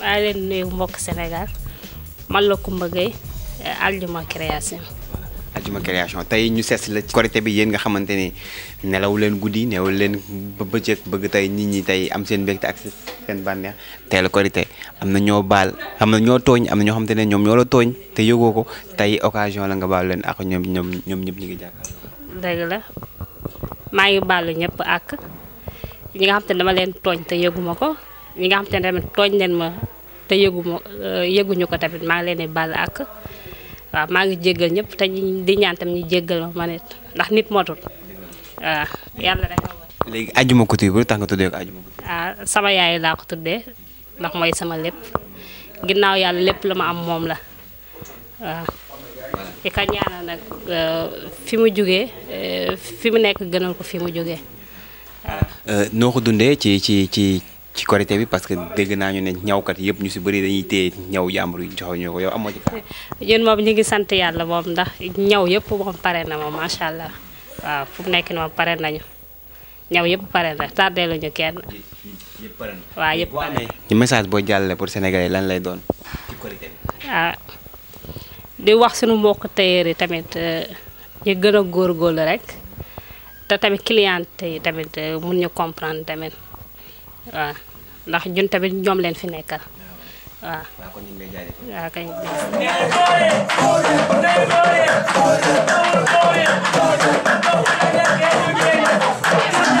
maa leen nuyu mbokk Sénégal man la Coumba Gueye aljuma création aljuma création tey ñu sees la ci korité bi yéen nga xamante ni nelaw leen guddi nelaw leen ba bëccëg bëgg tey nit ñi tey am seen mbégte ak seen bànneex tey la korité am na ñoo baal am na ñoo tooñ am na ñoo la tooñ te yëgoo ko tey occasion la nga baal leen ak ñoom ñoom ñoom ñëpp ñu ngi jàkkaar dëgg la maa ngi baalu ak ñi nga dama leen ñi nga leen ma te yëgu ma euh, yëguñu ko tamit maa ngi leen di baal ak waaw maa ngi jéggal ñépp te di ñaan tam ñu jéggal ma man it ndax nit motul waaw yàlla rek. léegi ajuma ko tuuti ah, sama yaay laa ko tuddee ndax mooy sama lépp ginnaaw yàlla lépp la ma am moom la waaw. di ko ñaanal nag euh, fi mu jógee euh, fi mu nekk gënal ko fi mu jógee. noo ko dundee ci ci ci. ci korité bi parce que dégg naa ñu ne ñawkat yëpp ñu si bëri dañuy téye ñaw jàmbur yi ñu ngi sant yàlla moom ndax ñaw yëpp moom pare na moom macha allah waaw fu mu nekk moom pare nañu ñaw yëpp pare na tardé luñu kenn. yëpp pare na waaw yëpp pare na ñu message boo jàllale pour Sénégalais lan lay doon ah, di wax suñu mbokk tailleur yi tamit euh, ñu gën a góorgóorlu rek te tamit client yi tamit euh, mun ñu comprendre tamit. waaw ndax ñun tamit ñoom leen fi nekkal waaw. waaw kon ñu ngi lay jaajëfal waaw kay.